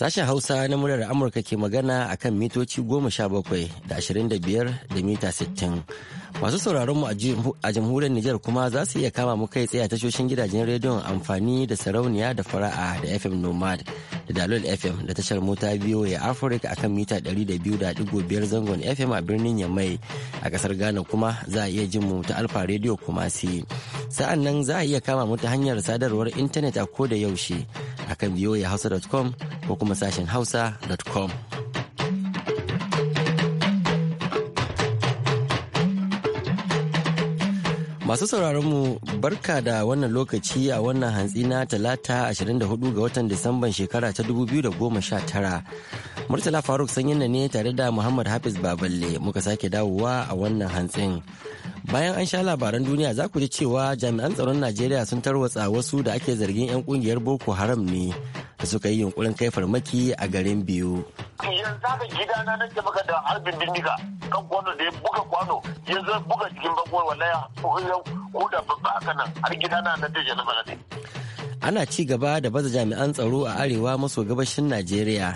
Sashen Hausa na muryar Amurka ke magana a kan mitoci bakwai da ashirin da biyar da mita sittin. Masu sauraron mu a jamhuriyar Nijar kuma za su iya kama mu kai tsaye a tashoshin gidajen rediyon amfani da sarauniya da fara'a da FM Nomad da Dalol FM da tashar mota biyo ya Africa akan mita 200.5 zangon FM a birnin Yamai a kasar Ghana kuma za a iya jin mu ta Alfa Radio Kumasi. Sa'an nan za a iya kama mu ta hanyar sadarwar intanet a ko da yaushe akan hausa.com ko kuma sashen hausa.com. Masu sauraron mu barka da wannan lokaci a wannan hantsi na talata 24 ga watan Disamban shekara ta 2019. Murtala Faruk sanyin ne tare da Muhammad Hafiz Baballe muka sake dawowa a wannan hantsin. Bayan an sha labaran duniya za ku ji cewa jami'an tsaron Najeriya sun tarwatsa wasu da ake zargin 'yan kungiyar Boko Haram ne da suka yi yunkurin kai farmaki a garin biyu. Yanzu haka gidana nake maka da harbin bindiga. kan kwano da ya buga kwano ya zai buga cikin bangon walaya ko da babba haka nan har gida na nan da jana ne. ana ci gaba da baza jami'an tsaro a arewa maso gabashin najeriya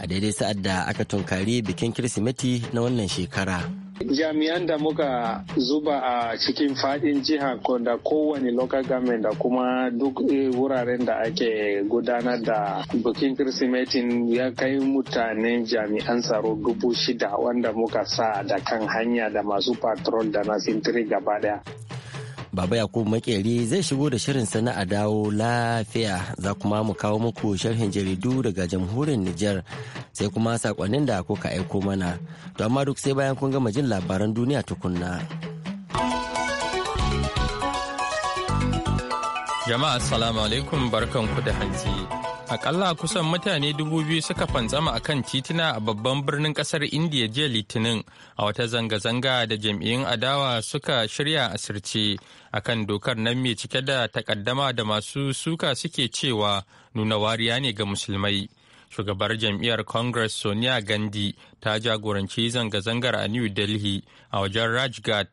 a daidai sa'ad da aka tunkari bikin kirsimeti na wannan shekara. jami'an da muka zuba a cikin fadin jiha da kowane local government da kuma duk eh, wuraren da ake gudanar da bikin kirsimetin ya kai mutanen jami'an tsaro dubu shida wanda muka sa da kan hanya da masu patrol da na sintiri gaba daya Baba Yakubu Makeri zai shigo da shirin sana a dawo lafiya za kuma mu kawo muku sharhin jaridu daga jamhurin Nijar sai kuma sakonnin da kuka aiko mana. To amma duk sai bayan kun gama jin labaran duniya tukunna. Jama'a assalamu alaikum barkanku da hanzi. Akalla kusan mutane dubu biyu suka fantsama a kan titina a babban birnin kasar Indiya jiya Litinin a wata zanga-zanga da jam'iyyun adawa suka shirya asirce a kan dokar nan mai cike da takaddama da masu suka suke cewa nuna wariya ne ga musulmai. Shugabar jam'iyyar Congress Sonia Gandhi ta jagoranci zanga-zangar a New Delhi a wajen rajgat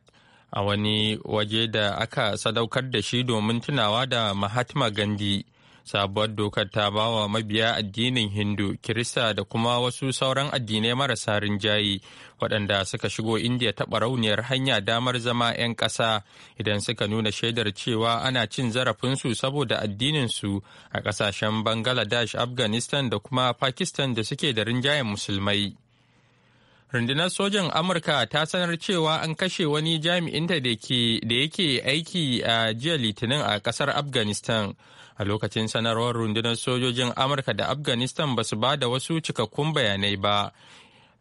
a wani waje da aka sadaukar da shi domin tunawa da Mahatma Gandhi. sabuwar dokar ta ba wa mabiya addinin hindu kirista da kuma wasu sauran addinai marasa rinjaye waɗanda suka shigo indiya taɓa rauniyar hanya damar zama 'yan ƙasa idan suka nuna shaidar cewa ana cin zarafinsu saboda addininsu a ƙasashen bangladesh afghanistan da kuma pakistan da suke da rinjayen musulmai rundunar sojan amurka ta sanar cewa an kashe wani jami'inta da yake aiki a jiya litinin a kasar afghanistan a lokacin sanarwar rundunar sojojin amurka da afghanistan ba su ba da wasu cikakkun bayanai ba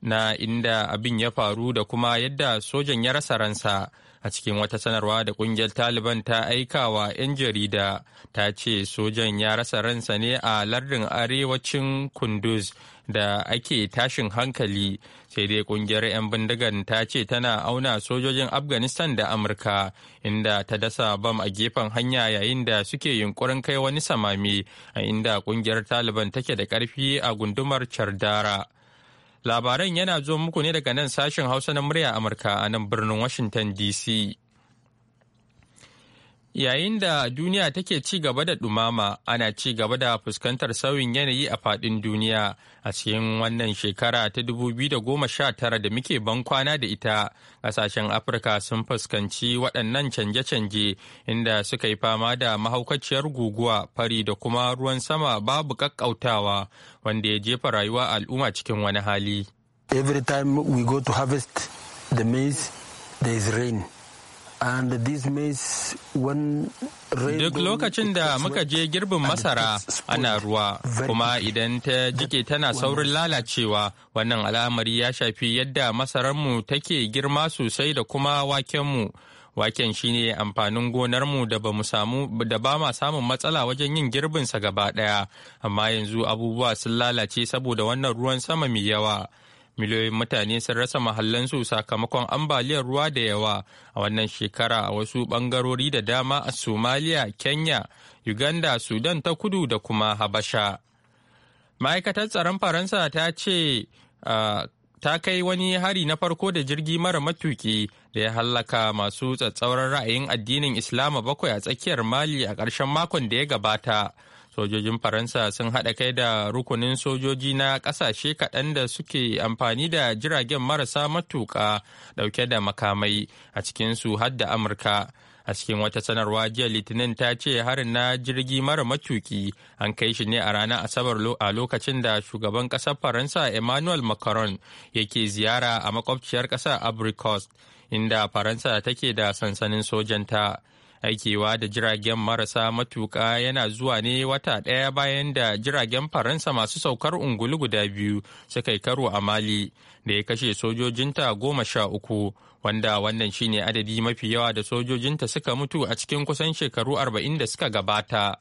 na inda abin ya faru da kuma yadda sojan ya rasa ransa a cikin wata sanarwa da kungiyar taliban ta aika wa 'yan jarida ta ce sojan ya rasa ransa ne a lardin arewacin kunduz da ake tashin hankali sai dai kungiyar 'yan bindigan ta ce tana auna sojojin afghanistan da amurka inda ta dasa bam a gefen hanya yayin da suke yunkurin kai wani samami a inda kungiyar taliban take da karfi a gundumar chardara Labaran yana zo muku ne daga nan sashen Hausa na murya Amurka a nan birnin Washington DC. Yayin da duniya take ci gaba da ɗumama, ana ci gaba da fuskantar sauyin yanayi a faɗin duniya a cikin wannan shekara ta 2019 da muke ban kwana da ita. Ƙasashen Afirka sun fuskanci waɗannan canje-canje inda suka yi fama da mahaukaciyar guguwa fari da kuma ruwan sama babu ƙaƙƙautawa wanda ya jefa rayuwa al'umma cikin wani hali. Every time we go to harvest the maize, there is rain. Duk lokacin da muka je girbin masara ana ruwa, kuma idan ta jike tana saurin lalacewa, wannan al'amari ya shafi yadda masararmu take girma sosai da kuma wakenmu. Waken shine amfanin gonarmu da ba samu da ba ma samun matsala wajen yin girbinsa gaba ɗaya, amma yanzu abubuwa sun lalace saboda wannan ruwan sama mai yawa. miliyoyin mutane sun rasa mahallansu sakamakon ambaliyar ruwa da yawa a wannan shekara a wasu bangarori da dama a Somalia, kenya uganda sudan ta kudu da kuma habasha ma'aikatar tsaron faransa ta ce ta kai wani hari na farko da jirgi mara matuki da ya hallaka masu tsatsauran ra'ayin addinin islama bakwai a tsakiyar mali a ƙarshen makon da ya gabata sojojin faransa sun haɗa kai da rukunin sojoji na ƙasashe kaɗan da suke amfani da jiragen marasa matuƙa ɗauke da makamai a cikinsu har da amurka a cikin wata sanarwa jiya litinin ta ce harin na jirgi mara matuki an kai shi ne a ranar asabar a lokacin da shugaban ƙasar faransa emmanuel macron yake ziyara a makwabciyar ƙasar abricost inda faransa take da sansanin sojanta. aikewa da jiragen marasa matuka yana zuwa ne wata ɗaya bayan da jiragen faransa masu saukar ungulu guda biyu suka yi karo a mali da ya kashe sojojinta goma sha uku wanda wannan shine adadi mafi yawa da sojojinta suka mutu a cikin kusan shekaru arba'in da suka gabata.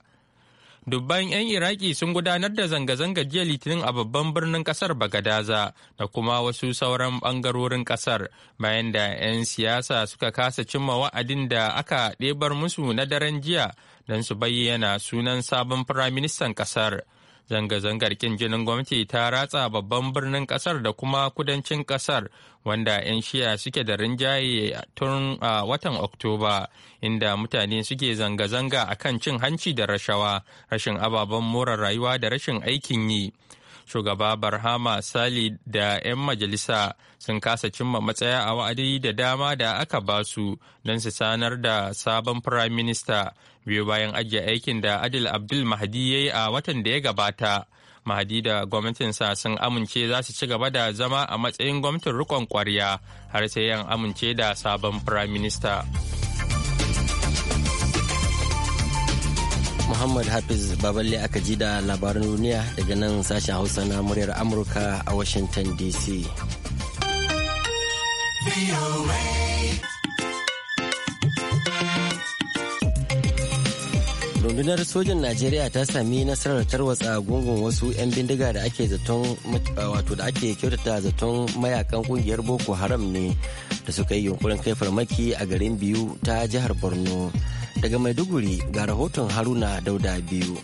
dubban 'yan iraki sun gudanar da zanga zanga jiya litinin a babban birnin kasar bagadaza da kuma wasu sauran bangarorin kasar bayan da 'yan siyasa suka kasa cimma wa'adin da aka ɗebar musu na daren jiya don su bayyana sunan sabon firaministan kasar. zanga-zangar kin jinin gwamnati ta ratsa babban birnin kasar da kuma kudancin kasar wanda 'yan shiya suke da rinjaye tun a watan oktoba inda mutane suke zanga-zanga a kan cin hanci da rashawa rashin ababen more rayuwa da rashin aikin yi shugaba barhama sali da 'yan majalisa sun kasa cimma matsaya a wa'adi da dama da aka ba su don su sanar da sabon prime minister, biyu bayan ajiye aikin da adil abdul mahdi ya yi a watan da ya gabata mahadi da gwamnatinsa sun amince za su ci gaba da zama a matsayin gwamnatin rikon kwarya har sai yan amince da sabon prime minister. Muhammad Hafiz Baballe aka ji da labaran duniya daga nan sashen Hausa na muryar Amurka a Washington DC. rundunar sojin najeriya ta sami nasarar tarwatsa gungun wasu 'yan bindiga da ake zaton wato da ake kyautata zaton mayakan kungiyar boko haram ne da suka yi yunkurin kai farmaki a garin biyu ta jihar borno Daga Maiduguri ga rahoton Haruna Dauda biyu.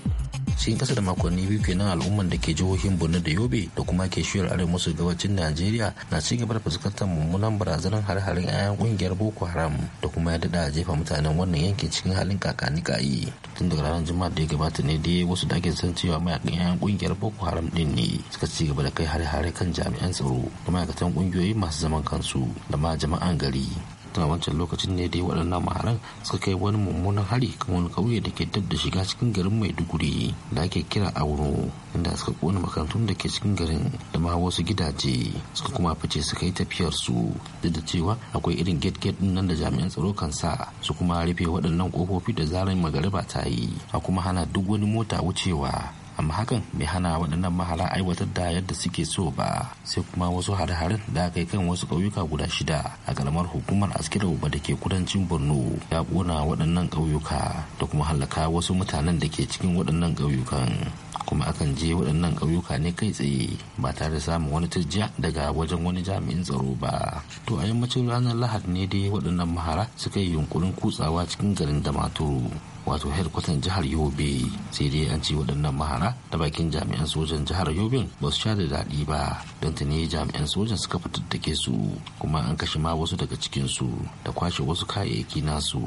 sai kasa da makonni biyu kenan al'umman da ke jihohin borno da yobe da kuma ke shiyar arewa maso gabacin najeriya na ci gaba da fuskantar mummunan barazanar har-harin 'ya'yan kungiyar boko haram da kuma ya daɗa jefa mutanen wannan yankin cikin halin kakani kayi tun daga ranar juma'a da ya gabata ne dai wasu da ake san cewa mayakan 'ya'yan kungiyar boko haram din ne suka ci gaba da kai har-hare kan jami'an tsaro da ma'aikatan kungiyoyi masu zaman kansu da ma jama'an gari tana wancan lokacin ne da waɗannan maharan suka kai wani mummunan hari kan wani kauye da ke dab da shiga cikin garin maiduguri da ake kira auro inda suka kona makarantun da ke cikin garin da ma wasu gidaje suka kuma fice suka yi tafiyar su duk da cewa akwai irin gate gate din nan da jami'an tsaro kan sa su kuma rufe waɗannan ƙofofi da zarar magariba ta yi a kuma hana duk wani mota wucewa amma hakan bai hana waɗannan mahala aiwatar da yadda suke so ba sai kuma wasu hare-haren da aka yi kan wasu ƙauyuka guda shida a karamar hukumar askirau uba da ke kudancin borno ya ƙona waɗannan ƙauyuka da kuma halaka wasu mutanen da ke cikin waɗannan ƙauyukan kuma akan je waɗannan ƙauyuka ne kai tsaye ba tare da samun wani turjiya daga wajen wani jami'in tsaro ba to a yammacin ranar lahadi ne dai waɗannan mahara suka yi yunkurin kutsawa cikin garin damaturu wato headkwatan jihar yobe sai dai an ci waɗannan mahara da bakin jami'an sojan jihar yobe ba su sha da daɗi ba don ta ne jami'an sojan suka fitattake su kuma an kashe ma wasu daga cikinsu da kwashe wasu kayayyaki nasu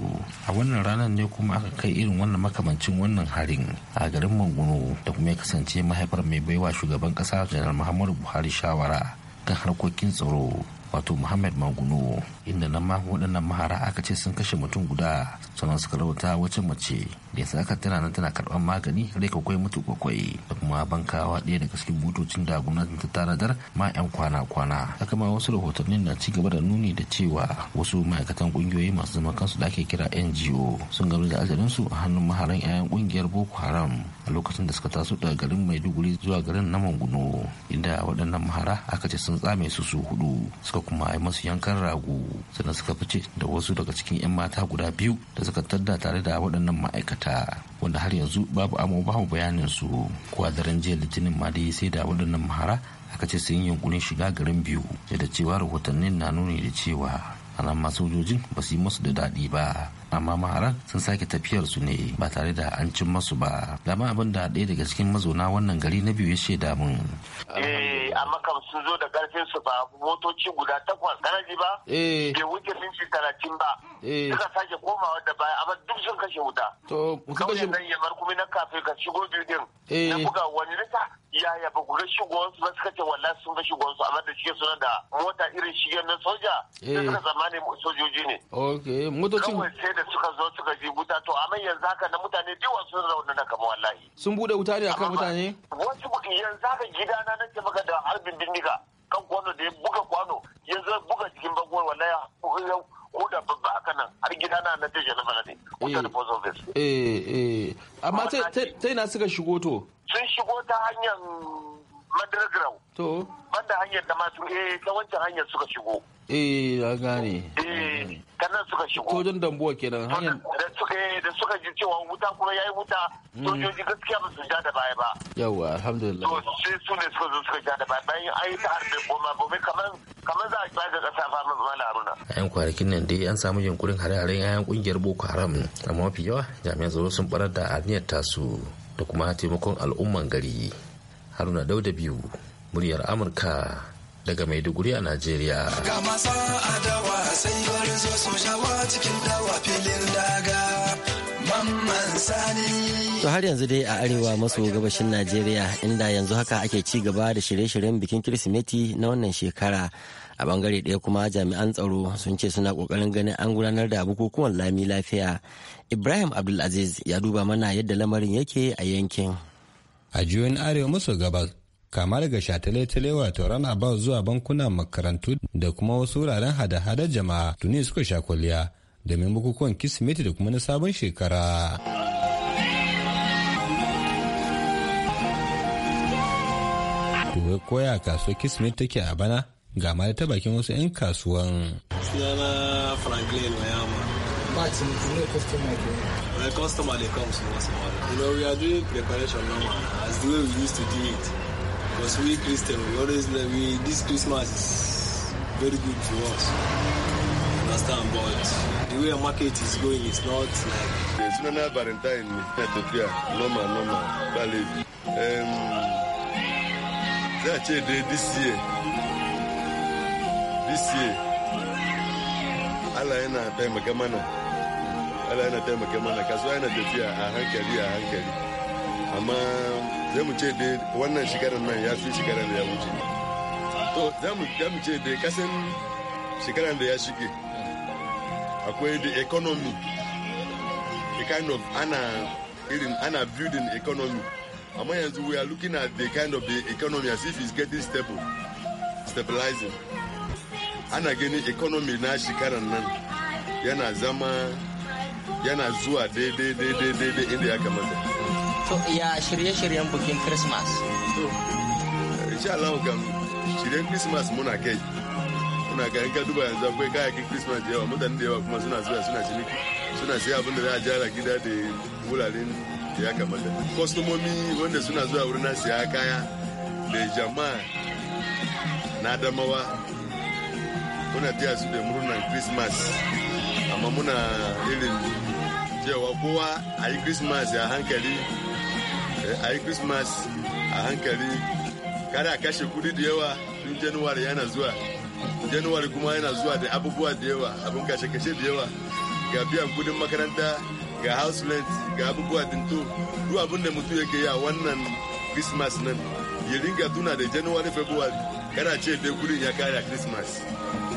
a wannan ranar ne kuma aka kai irin wannan makamancin wannan harin a garin manguno da kuma ya kasance mahaifar mai baiwa shugaban ƙasa janar muhammadu buhari shawara kan harkokin tsaro wato muhammad manguno inda nan ma waɗannan mahara aka ce sun kashe mutum guda sannan suka rauta wacce mace da yasa aka tana nan tana karban magani rai kwai mutu kwakwai da kuma bankawa ɗaya daga cikin butocin da gwamnatin ta dar ma 'yan kwana-kwana haka ma wasu rahotanni na ci gaba da nuni da cewa wasu ma'aikatan kungiyoyi masu zaman kansu da ake kira ngo sun gano da su a hannun maharan 'ya'yan kungiyar boko haram a lokacin da suka taso daga garin maiduguri zuwa garin na manguno inda waɗannan mahara aka ce sun tsame su su hudu suka kuma yi masu yankan ragu. sannan suka fice da wasu daga cikin 'yan mata guda biyu da suka tadda tare da waɗannan ma'aikata wanda har yanzu babu amo babu bayanin su ko daren jiya litinin ma dai sai da waɗannan mahara aka ce sun yi yunkurin shiga garin biyu da cewa rahotannin na nuni da cewa anan ma sojojin ba su yi musu da daɗi ba amma maharan sun sake tafiyar su ne ba tare da an cin masu ba dama abin da ɗaya daga cikin mazauna wannan gari na biyu ya shaida mun. Eh, a makam sun zo da karfin su ba motoci guda takwas garaji ba eh. bai wuce minti talatin ba eh. suka sake komawa da baya amma duk sun kashe wuta to kuka kashe nan yamar kuma na kafin ka shigo bidin eh. na buga wani rita yaya ba ku ga shugabansu ba suka ce wallahi sun ga shugabansu amma da shige suna da mota irin shigen na soja da eh. suka zamani sojoji ne okay motocin kawai sai da suka zo suka ji wuta to amma yanzu haka na mutane wasu sun rauna na kama wallahi sun bude wuta ne akan mutane wasu yanzu haka gidana na ce maka da harbin bindiga kan kwano da ya buga kwano yanzu buga cikin bangon wallahi ko da babba haka nan har gida na na tashi na ne kusa da eh. post office eh eh amma ta ina suka shigo to sun shigo ta hanyar madargrau to banda hanyar da masu eh ta wancan hanyar suka shigo eh an gane eh nan suka shigo ko don dambuwa kenan hanyar da suka da suka ji cewa wuta kuma yayi wuta hmm. sojoji gaskiya ba su ja da baya ba yawa alhamdulillah to sai su ne suka zo suka ja da baya bayan ayi ta harbe goma gobe kamar kamar za a ba da kasa fa mun zama laruna a yan nan dai an samu yunkurin hare-haren yayan kungiyar boko haram amma mafi yawa jami'an tsaro sun barar da aniyar tasu da kuma taimakon al'umman gari haruna dauda biyu muryar amurka daga Maiduguri a Najeriya. To har yanzu dai a arewa maso gabashin Najeriya inda yanzu haka ake ci gaba da shirye-shiryen bikin Kirsimeti na wannan shekara. A bangare ɗaya kuma jami'an tsaro sun ce suna ƙoƙarin ganin an gudanar da bukukuwan lami lafiya. Ibrahim Abdulaziz ya duba mana yadda lamarin yake a yankin. A juyin arewa maso gabas kama daga shatale-tale wato rana zuwa bankunan makarantu da kuma wasu wuraren hada-hadar jama'a tuni suka sha kwalliya domin bukukuwan kismeti da kuma na sabon shekara. Tuwai koya kasuwar kismeti take a bana ga mara ta bakin wasu 'yan kasuwan. Sunana Franklin Wayama. Ba ciniki ne customer ke. Well, customer dey come small small. You know, we are doing preparation normal as the way we used to do it. Because we Christians, we always this Christmas is very good to us. Understand? But the way the market is going is not like. not like Valentine No Ethiopia, normal, normal, valid. Um, that's it, this year. This year. Allah yana taimaka mana. Allah yana taimaka mana. Kasuwa yana tafiya a hankali a hankali. zai mu ce dai wannan shekarar nan ya fi shekarar da ya wuce to za mu ce dai kasan shekarar da ya shige akwai the economy the kind of ana irin ana building economy amma yanzu we are looking at the kind of the economy as if it's getting stable stabilizing ana gani economy na shekarar nan yana zama yana zuwa daidai daidai daidai inda ya kamata to ya shirye-shiryen bukin christmas to insha Allah kam shiryen christmas muna kai muna ga in ka duba yanzu akwai kayayyakin christmas da yawa mutane da yawa kuma suna zuwa suna ciniki suna siya abin da za a jara gida da wuraren da ya kamata Kostomomi wanda suna zuwa wurin na siya kaya da jama'a na damawa muna taya su da murnan christmas amma muna irin cewa kowa a yi christmas a hankali Eh, a yi christmas a hankali kada kashe kudi da yawa tun januwari yana zuwa januwari kuma yana zuwa da abubuwa da yawa abin kashe-kashe da yawa ga biyan kudin makaranta ga house rent ga abubuwa dinto duk abin da mutum yake ya wannan christmas nan ya ringa tuna da januwari february kada ce dai kudin ya kare a christmas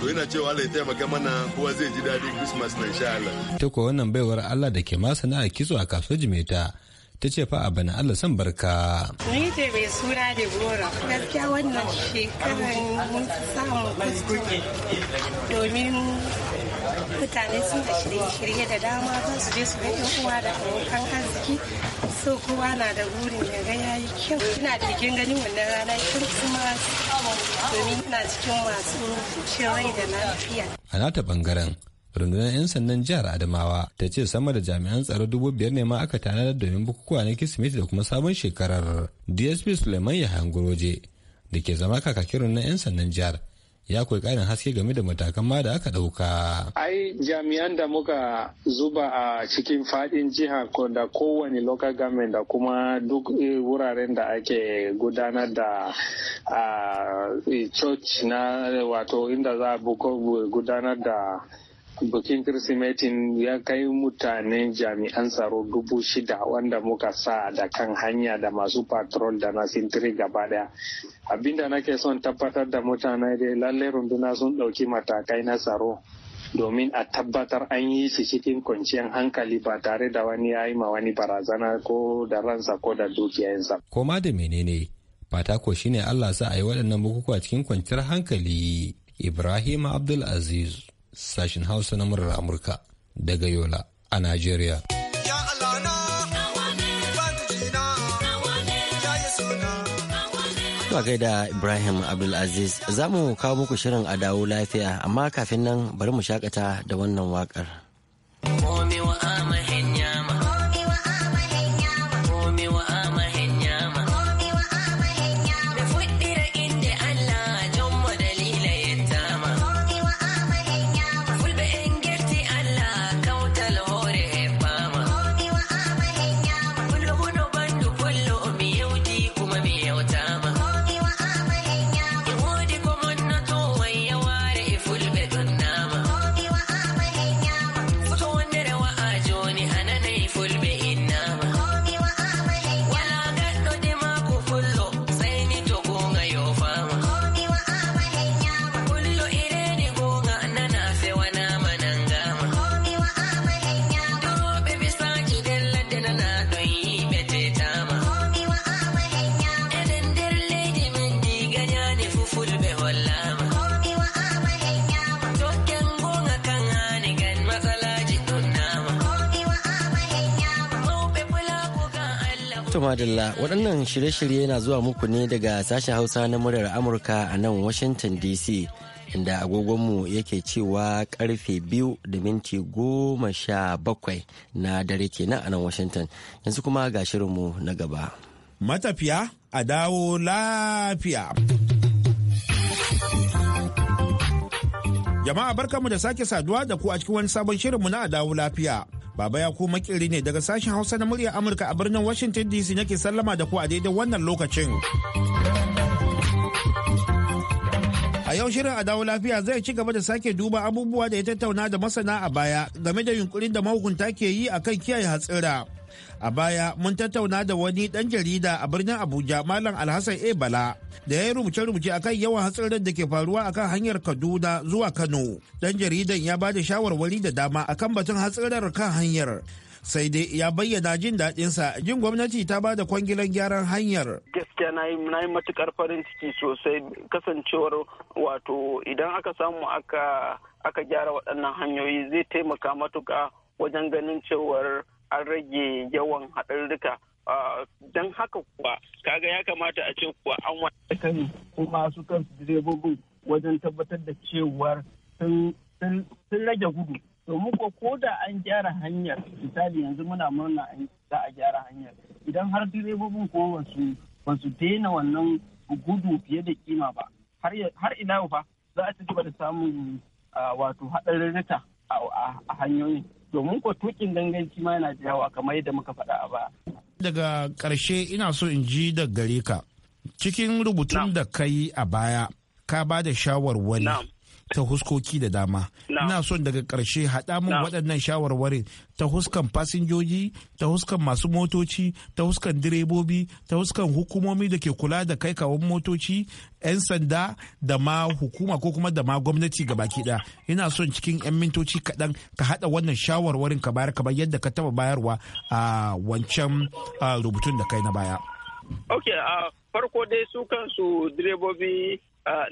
to yana cewa Allah ya taimaka mana kowa zai ji daɗin christmas na insha Allah. Ta kuwa wannan baiwar Allah da ke masana a kitso a kasuwar Jimeta ta ce fa bana Allah san barka. Ni ce mai suna da gora. Gaskiya wannan shekarar mun samu kuskure domin mutane sun da shirye-shirye da dama ba su je su ga yan uwa da abokan arziki so kowa na da burin ya ga yi kyau ina cikin ganin wannan rana christmas domin ina cikin masu cewa da lafiya. A nata bangaren rundunar 'yan sandan jihar adamawa ta ce sama da jami'an tsaro dubu biyar ne ma aka tanadar domin bukukuwa na kirsimeti da kuma sabon shekarar dsp suleiman yahan da ke zama kakakin rundunar 'yan sandan jihar ya koyi ƙarin haske game da matakan ma da aka ɗauka. Ai jami'an da muka zuba a cikin fadin jiha da kowane local government da kuma duk eh, wuraren da ake gudanar da ah, eh, church na wato inda za a gudanar da bukin kirsimetin ya kai mutanen jami'an tsaro dubu shida wanda muka sa da kan hanya da masu patrol da na sintiri gaba daya abinda nake son tabbatar da mutane da lallai runduna sun ɗauki matakai na tsaro domin a tabbatar an yi shi cikin kwanciyar hankali ba tare da wani ya yi ma wani barazana ko da ransa ko da dukiyansa. Koma da menene fata ko shine Allah sa a yi waɗannan bukukuwa cikin kwanciyar hankali Ibrahim Abdul Aziz. Sashen Hausa na murar Amurka daga Yola a Najeriya. Kuma gaida Ibrahim Abdulaziz za mu kawo muku shirin a dawo lafiya amma kafin nan bari mu shakata da wannan waƙar. Abdullah waɗannan shirye-shirye na zuwa muku ne daga sashen Hausa na muryar Amurka a nan Washington DC inda agogonmu yake cewa karfe biyu da minti goma sha bakwai na dare kenan a nan Washington yanzu kuma ga shirinmu na gaba. Matafiya a dawo lafiya. Jama'a barkanmu da sake saduwa da ku a cikin wani sabon shirinmu na a dawo lafiya. Baba ya ku makiri ne daga sashen Hausa na murya Amurka a birnin Washington DC nake sallama da ku a daidai wannan lokacin. A yau shirin a lafiya zai ci gaba da sake duba abubuwa da ya tattauna da masana a baya game da yunkurin da mahukunta ke yi akan kiyaye hatsira. A baya mun tattauna da wani ɗan jarida a birnin Abuja Malam Alhassan E Bala da ya yi rubuce-rubuce akan yawan hatsarin da ke faruwa akan hanyar Kaduna zuwa Kano. Ɗan jaridan ya ba da shawarwari da dama akan batun hatsarar kan hanyar. sai dai ya bayyana jin daɗinsa jin gwamnati ta ba da kwangilan gyaran hanyar. Gaskiya na yi matuƙar farin ciki sosai kasancewar wato idan aka samu aka aka gyara waɗannan hanyoyi zai taimaka matuƙa wajen ganin cewar an rage yawan haɗarurruka ah, don haka kuwa kaga ya kamata a ce kuwa an wata kan masu kan direbobin wajen tabbatar da cewar sun rage gudu domin ko ko da an gyara hanyar misali yanzu muna murna za a gyara hanyar idan har direbobin ko wasu basu daina wannan gudu fiye da kima ba har ina fa za a ci gaba da samun ah, wato haɗarurruka a hanyoyin domin ko tukin ganganci ma yana da yawa kamar yadda muka faɗa a baya. Daga ƙarshe ina so in ji da gare ka cikin rubutun da ka yi a baya ka ba da shawarwari ta huskoki da dama. Ina son daga karshe haɗa mun waɗannan shawarwarin ta huskan fasinjoji, ta huskan masu motoci, ta huskan direbobi, ta huskan hukumomi da ke kula da kai kawon motoci, 'yan sanda da ma hukuma ko kuma da ma gwamnati ga baki ɗaya. Ina son cikin 'yan mintoci kaɗan ka haɗa wannan shawarwarin ka bayar kamar yadda ka taɓa bayarwa a wancan rubutun da kai na baya. uh, farko dai su kansu direbobi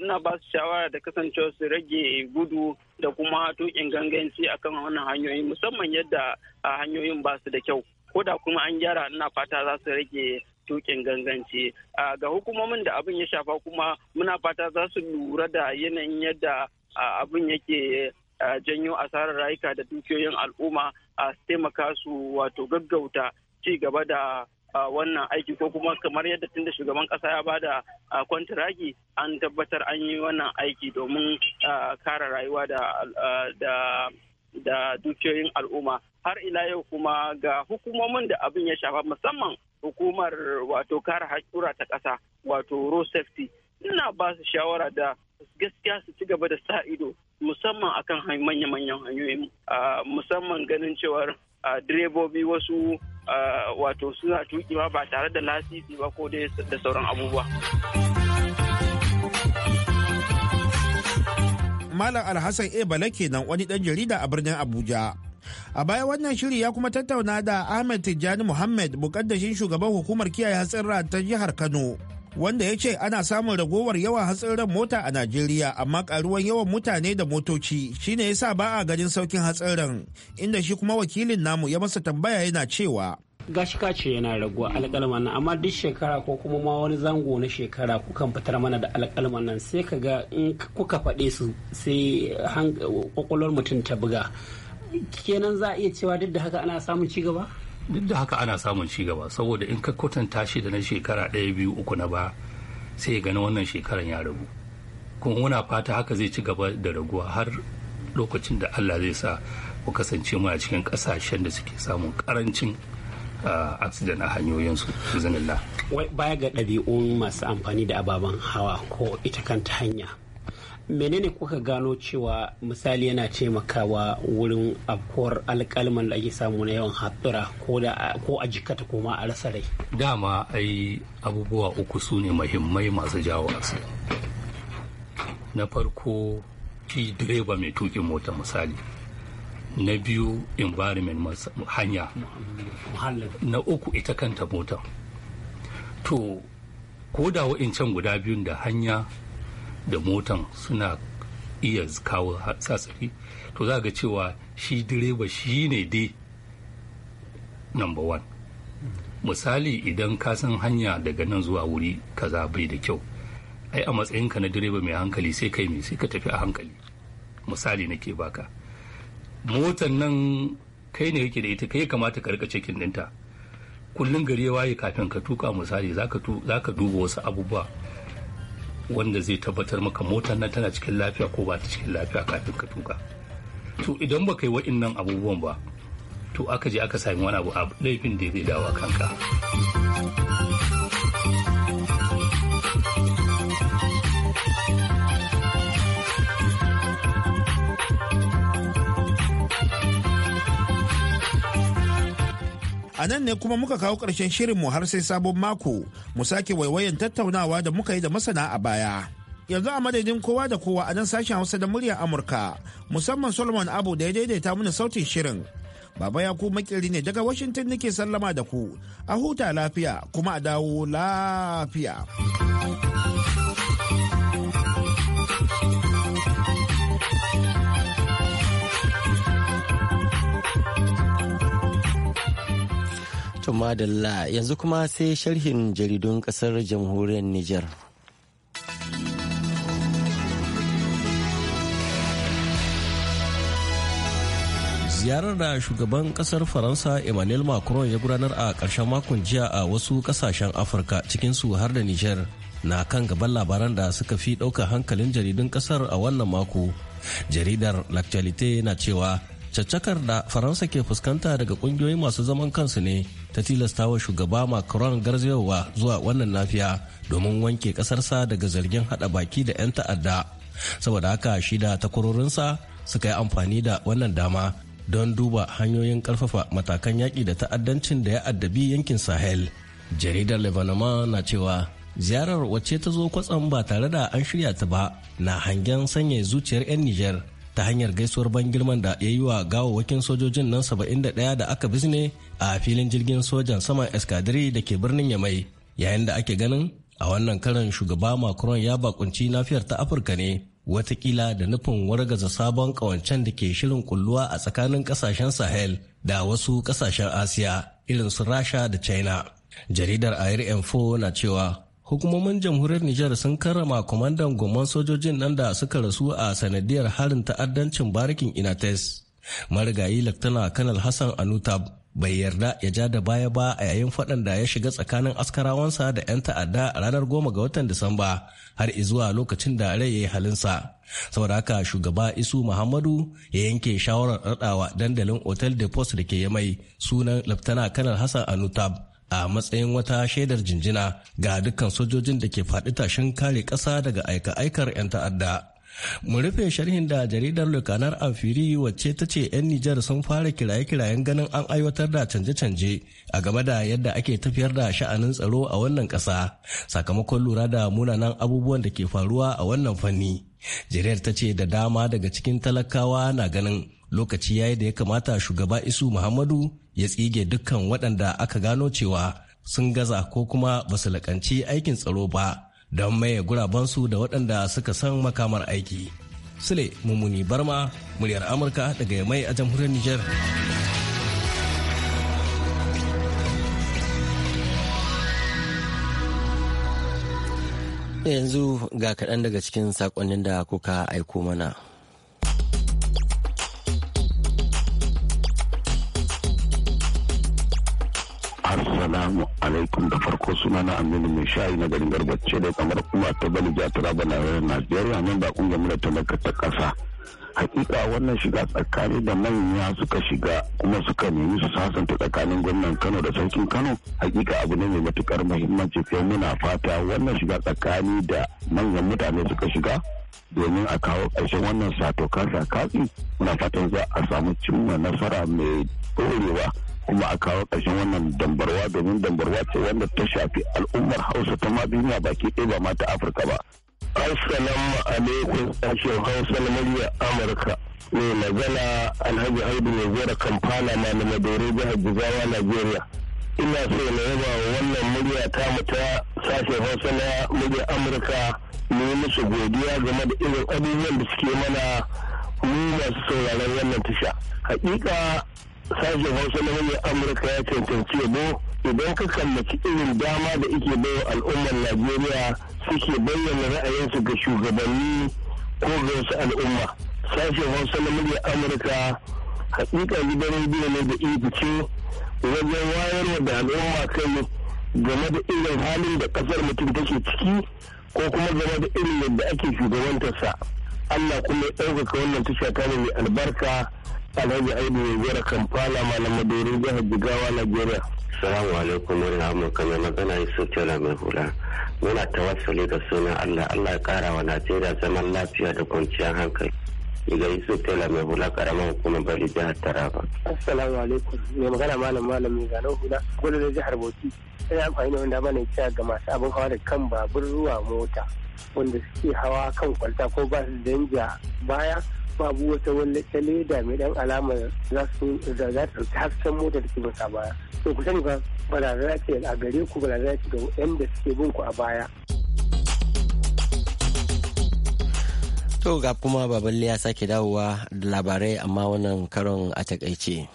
ina ba su shawara da kasancewa su rage gudu da kuma tukin ganganci akan wannan hanyoyi musamman yadda hanyoyin ba su da kyau ko da kuma an gyara ina fata za su rage tukin ganganci ga hukumomin da abin ya shafa kuma muna fata za su lura da yanayin yadda abin yake janyo asarar rayuka da dukiyoyin al'umma a taimaka su wato gaggauta ci gaba da wannan aiki ko kuma kamar yadda tunda shugaban kasa ya bada kwantiragi an tabbatar an yi wannan aiki domin kare rayuwa da da dukiyoyin al'umma har ila yau kuma ga hukumomin da abin ya shafa musamman hukumar wato kare haƙura ta ƙasa wato road safety ina ba su shawara da gaskiya su ci gaba da sa ido musamman akan manya-manyan hanyoyin musamman ganin cewar direbobi wasu wato suna tuki ba tare da lasisi ba ko dai da sauran abubuwa. Malam Alhassan E. Bala kenan wani ɗan jarida a birnin Abuja. A baya wannan shiri ya kuma tattauna da Ahmed Tijjani Muhammad bukaddashin shugaban hukumar kiyaye hatsin ta jihar Kano. wanda ya ce ana samun ragowar yawan hatsarin mota a Najeriya amma karuwan yawan mutane da motoci shine yasa ba a ganin saukin hatsarin inda shi kuma wakilin namu ya masa tambaya yana cewa ka ce yana raguwa alƙalman nan amma duk shekara ko kuma ma wani zango na shekara kukan fitar mana da alƙalman nan sai ka ga in kuka faɗe su sai kwakwalwar mutum ta buga kenan za a iya cewa duk da haka ana samun ci gaba duk da haka ana samun ci gaba saboda in ka kwatanta shi da na shekara ɗaya biyu uku na ba sai ga na wannan shekaran ya ragu kuma muna fata haka zai ci gaba da raguwa har lokacin da allah zai sa ku kasance muna cikin ƙasashen da suke samun ƙarancin accident ah, a hanyoyinsu izinin baya ga ɗabi'un masu amfani da ababen hawa ko ita kanta hanya menene kuka gano cewa misali yana taimakawa wurin afkuwar alkalman da ake samu na yawan hatsura ko a jikata ko a rasa rai dama ai abubuwa uku su ne mahimmai masu jawo asali na farko shi direba mai tukin mota misali na biyu environment hanya na uku ita kanta mota to ko da can guda biyun da hanya da motan suna iya kawo satsari to za ga cewa shi direba shi ne dai number one misali idan ka san hanya daga nan zuwa wuri kaza bai da kyau ai a matsayinka na direba mai hankali sai kai mai sai ka tafi a hankali misali nake baka motan nan kai ne yake da ita kai kamata ka rika cikin dinta kullum gari ya waye kafin ka tuka misali za ka duba wasu abubuwa wanda zai tabbatar maka motar nan tana cikin lafiya ko ba ta cikin lafiya kafin ka tuka to idan ba ka yi waɗannan abubuwan ba to aka je aka sami wani abu a laifin da zai dawa kanka. A nan ne kuma muka kawo ƙarshen shirinmu har sai sabon mako mu sake waiwayan tattaunawa da muka yi da masana a baya. Yanzu a madadin kowa da kowa a nan sashen Hausa da muryar Amurka musamman Solomon Abu da ya daidaita mana sautin shirin. Baba ya Yakubu makiri ne daga Washington nake sallama da ku. A huta lafiya kuma a dawo lafiya. madalla yanzu kuma sai sharhin jaridun kasar jamhuriyar Nijar. ziyarar da shugaban kasar faransa emmanuel macron ya gudanar a ƙarshen makon jiya a wasu ƙasashen afirka cikinsu har da Nijar na kan gaban labaran da suka fi ɗaukar hankalin jaridun ƙasar a wannan mako jaridar l'actualité na cewa caccakar da faransa ke fuskanta daga kungiyoyi masu zaman kansu ne ta tilasta wa shugaba macron garzewa zuwa wannan nafiya domin wanke kasarsa daga zargin hada baki da 'yan ta'adda saboda haka shi da takwarorinsa suka yi amfani da wannan dama don duba hanyoyin karfafa matakan yaƙi da ta'addancin da ya addabi yankin sahel jaridar lebanama na cewa ziyarar wacce ta zo kwatsam ba tare da an shirya ta ba na hangen sanya zuciyar 'yan niger ta hanyar gaisuwar ban girman da ya yi wa gawawakin sojojin nan 71 da aka bizne a filin jirgin sojan saman eskadiri da ke birnin yamai yayin da ake ganin a wannan karan shugaba macron ya bakunci nafiyar ta afirka ne watakila da nufin wargaza sabon kawancen da ke shirin kulluwa a tsakanin kasashen sahel da wasu kasashen asiya irin su rasha da china jaridar air info na cewa hukumomin jamhuriyar Nijar sun karrama kwamandan goman sojojin nan da suka rasu a sanadiyar harin ta'addancin barikin Inates. Marigayi Laktana Kanal Hassan Anutab bai yarda ya ja da baya ba a yayin faɗan da ya shiga tsakanin askarawansa da 'yan ta'adda a ranar goma ga watan Disamba har izuwa lokacin da rai ya yi halinsa. Saboda haka shugaba Isu Muhammadu ya yanke shawarar raɗawa dandalin Otal de Post da ke Yamai sunan laftana Kanal Hassan Anutab. a matsayin wata shaidar jinjina ga dukkan sojojin da ke faɗi tashin kare ƙasa daga aika-aikar 'yan ta'adda. mu rufe sharhin da jaridar lokanar amfiri wacce ta ce 'yan nijar sun fara kiraye-kirayen ganin an aiwatar da canje-canje a game da yadda ake tafiyar da sha'anin tsaro a wannan ƙasa sakamakon lura da munanan abubuwan da ke faruwa a wannan fanni jaridar ta ce da dama daga cikin talakawa na ganin lokaci yayi da ya kamata shugaba isu muhammadu ya tsige dukkan waɗanda aka gano cewa sun gaza ko kuma ba su lakanci aikin tsaro ba don maye gurabansu da waɗanda suka san makamar aiki. Sule Mummuni Barma, muryar Amurka daga mai a jamhuriyar Nijar. Yanzu ga kaɗan daga cikin saƙonnin da kuka aiko mana. salamu alaikum da farko suna na aminu mai shayi na garin garbace da kamar kuma ta bali na najeriya nan ba kungiyar mura maka ta kasa hakika wannan shiga tsakani da manya suka shiga kuma suka nemi su sasanta tsakanin gwamnan kano da sarkin kano hakika abu ne mai matukar muhimmanci sai muna fata wannan shiga tsakani da manyan mutane suka shiga domin a kawo ƙarshen wannan sato kasa katsi muna fatan za a samu cimma nasara mai ɗorewa kuma a kawo ƙarshen wannan dambarwa domin dambarwa ce wanda ta shafi al'ummar hausa ta ma duniya baki ɗaya ba ma ta afirka ba. assalamu alaikum sashen hausa na murya amurka mai magana alhaji haidu mai zuwa kamfana malamai dore jihar jigawa najeriya ina so na yaba wa wannan murya ta mu ta sashen hausa na murya amurka mu musu godiya game da irin abubuwan da suke mana mu masu sauraron wannan tasha hakika sashen hausa na amurka ya cancanci yabo idan ka kallaci irin dama da ike baiwa al'ummar najeriya suke bayyana ra'ayinsu ga shugabanni ko ga wasu al'umma sashen hausa na amurka hakika gidan rediyo ne da ce wajen wayarwa da al'umma kai game da irin halin da kasar mutum take ciki ko kuma game da irin yadda ake shugabantarsa allah kuma ya ɗaukaka wannan tasha ta mai albarka alhaji aidu ya zara Kampala malam madorin jihar jigawa najeriya salamu alaikum wa amurka mai magana yusuf jola mai hula muna tawassuli ga sunan allah allah ya kara wa najeriya zaman lafiya da kwanciyar hankali daga yusuf tela mai bula karamin hukumar bari jihar taraba assalamu alaikum mai magana malam malam mai gano hula kudu da jihar bauchi sai amfani da wanda mana kira ga masu abin hawa da kan babur ruwa mota wanda suke hawa kan kwalta ko ba su danja baya babu wata wallata leda mai dan alamar za su da hasken mota da ke masa baya to ku sani ba barazana ce a gare ku barazana ce ga yan da suke bin ku a baya. To ga kuma baballe ya sake dawowa da labarai amma wannan karon a takaice.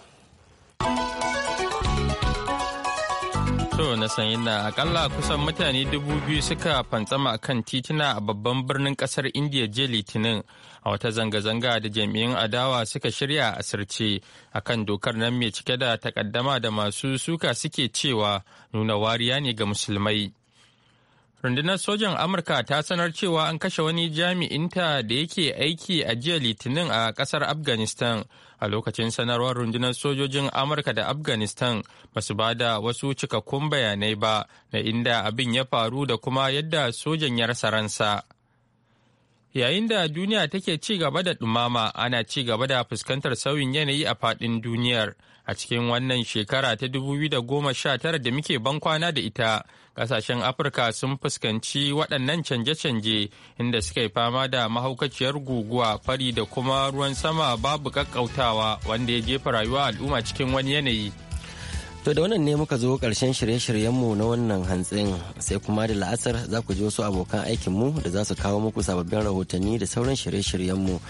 To na sanyi na akalla kusan mutane dubu biyu suka fantsama a kan titina a babban birnin kasar Indiya je Litinin a wata zanga-zanga da jami'in adawa suka shirya a asirce akan dokar nan mai cike da takaddama da masu suka suke cewa nuna wariya ne ga musulmai. rundunar sojan amurka ta sanar cewa an kashe wani jami'inta da yake aiki a jiya litinin a kasar afghanistan a lokacin sanarwar rundunar sojojin amurka da afghanistan ba su ba da wasu cikakkun bayanai ba na inda abin ya faru da kuma yadda sojan ya rasa ransa yayin da duniya take ci gaba da dumama ana ci gaba da fuskantar sauyin yanayi a faɗin duniyar a cikin wannan shekara ta 2019 da muke bankwana da ita kasashen afirka sun fuskanci waɗannan canje-canje inda suka yi fama da mahaukaciyar guguwa fari da kuma ruwan sama babu ƙaƙƙautawa wanda ya jefa rayuwa al'umma cikin wani yanayi. To da wannan ne muka zo ƙarshen shirye-shiryenmu na wannan hantsin sai kuma da la'asar za ku ji wasu abokan aikinmu da za su kawo muku sababbin rahotanni da sauran shirye-shiryenmu.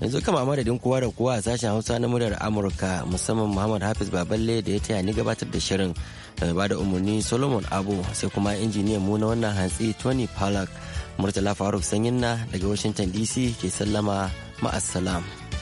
Yanzu kama madadin kowa da kowa a sashen Hausa na muryar Amurka musamman Muhammad Hafiz Baballe da ya taya ni gabatar da shirin da ba da umarni Solomon Abu sai kuma injiniyan mu na wannan hantsi Tony Pollack. Murtala Faruk Sanyin na daga Washington DC ke sallama ma'assalam.